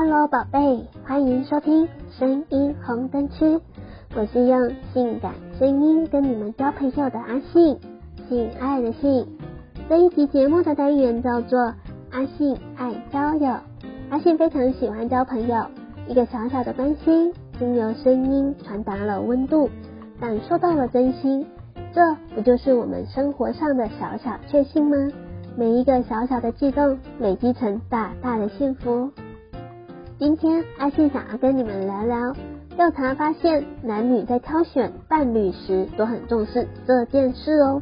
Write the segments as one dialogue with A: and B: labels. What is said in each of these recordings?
A: 哈嘍寶貝，歡迎收聽聲音紅燈區。我是用性感聲音跟你們交朋友的阿性，性愛的性。這一集節目的單元叫做阿性愛交友。阿性非常喜歡交朋友，一個小小的關心，經由聲音傳達了溫度，感受到了真心。這不就是我們生活上的小小確幸嗎？每一個小小的悸動，累積成大大的幸福。今天阿性想要跟你們聊聊，調查發現，男女在挑選伴侶時都很重視這件事哦。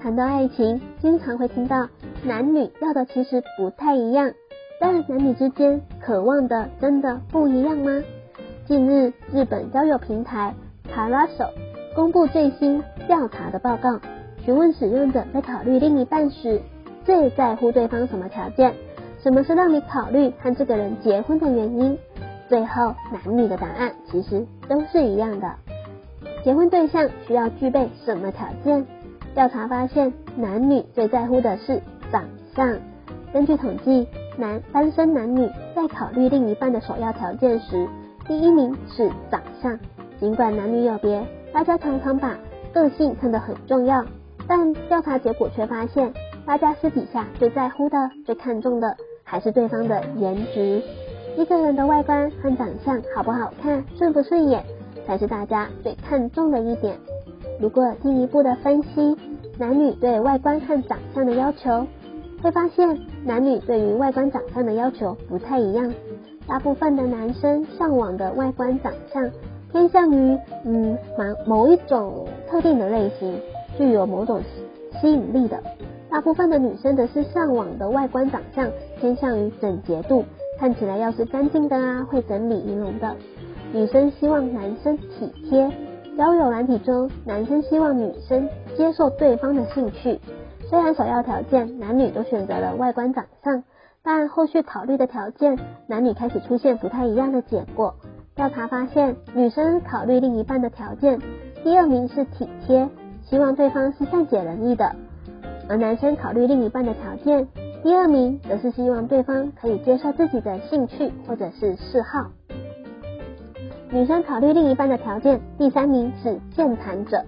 A: 談到愛情，經常會聽到男女要的其實不太一樣，但男女之間渴望的真的不一樣嗎？近日，日本交友平台 Parasol 公布最新調查的報告，詢問使用者在考慮另一半時，最在乎對方什麼條件。什麼是讓你考慮和這個人結婚的原因？最後，男女的答案其實都是一樣的。結婚對象需要具備什麼條件？調查發現，男女最在乎的是長相。根據統計，男單身男女在考慮另一半的首要條件時，第一名是長相。儘管男女有別，大家常常把個性看得很重要，但調查結果卻發現，大家私底下最在乎的、最看重的。還是對方的顏值，一個人的外觀和長相好不好看，順不順眼，才是大家最看重的一點。如果進一步的分析男女對外觀和長相的要求，會發現男女對於外觀長相的要求不太一樣。大部分的男生嚮往的外觀長相偏向於，嗯，某某一種特定的類型，具有某種吸引力的。大部分的女生則是上網的外觀長相偏向於整潔度，看起來要是乾淨的啊，會整理儀容的。女生希望男生體貼。交友軟體中，男生希望女生接受對方的興趣。雖然首要條件男女都選擇了外觀長相，但後續考慮的條件，男女開始出現不太一樣的結果。調查發現，女生考慮另一半的條件，第二名是體貼，希望對方是善解人意的。而男生考慮另一半的條件，第二名則是希望對方可以接受自己的興趣或者是嗜好。女生考慮另一半的條件，第三名是健談者，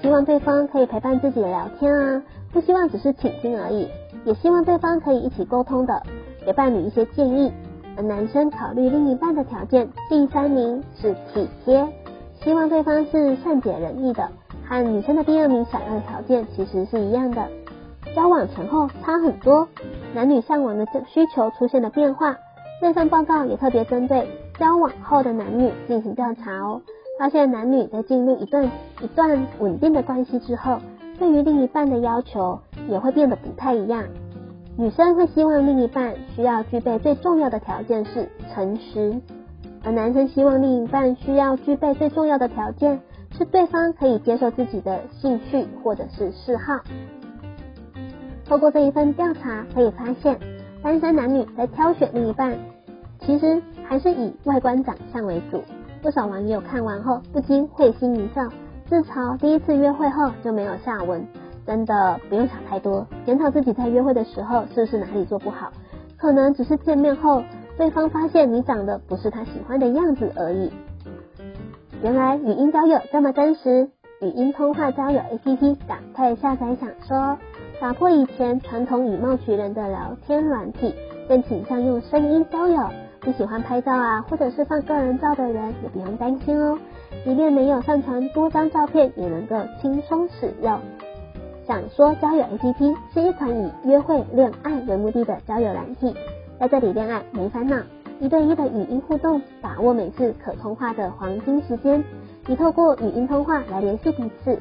A: 希望對方可以陪伴自己聊天啊，不希望只是傾聽而已，也希望對方可以一起溝通的，給伴侶一些建議。而男生考慮另一半的條件，第三名是體貼，希望對方是善解人意的，和女生的第二名想要的條件其實是一樣的。交往前後差很多，男女嚮往的需求出現了變化。那份報告也特別針對交往後的男女進行調查哦，發現男女在進入一段一段穩定的關係之後，對於另一半的要求也會變得不太一樣。女生會希望另一半需要具備最重要的條件是誠實，而男生希望另一半需要具備最重要的條件是對方可以接受自己的興趣或者是嗜好。透過這一份調查可以發現，單身男女在挑選另一半，其實還是以外觀長相為主。不少網友看完後不禁會心一笑，自嘲第一次約會後就沒有下文。真的不用想太多，檢討自己在約會的時候是不是哪裡做不好，可能只是見面後對方發現你長得不是他喜歡的樣子而已。原來語音交友這麼真實，語音通話交友 APP，趕快下載享說。打破以前傳統以貌取人的聊天軟體，更傾向用聲音交友。不喜歡拍照啊，或者是放個人照的人也不用擔心哦。即便沒有上傳多張照片，也能夠輕鬆使用。享說交友 A P P 是一款以約會、戀愛為目的的交友軟體，在這裡戀愛沒煩惱，一對一的語音互動，把握每次可通話的黃金時間。以透過語音通話來聯繫彼此，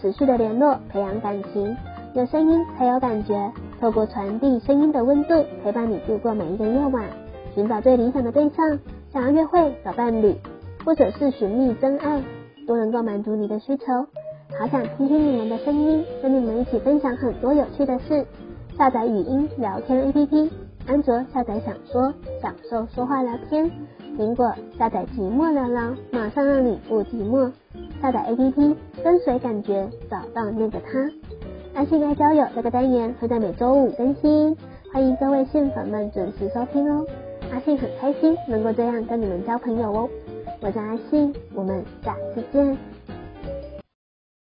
A: 持續的聯絡，培養感情。有聲音才有感覺，透過傳遞聲音的溫度，陪伴你度過每一個夜晚，尋找最理想的對象，想要約會找伴侶，或者是尋覓真愛，都能夠滿足你的需求。好想聽聽你們的聲音，跟你們一起分享很多有趣的事。下載語音聊天 APP，安卓下載享說，享受說話聊天；蘋果下載寂寞聊聊，馬上讓你不寂寞。下載 APP，跟隨感覺，找到那個他。阿性愛交友這個單元會在每週五更新，歡迎各位性粉們準時收聽哦。阿性很開心能夠這樣跟你們交朋友哦，我叫阿性，我們下次見。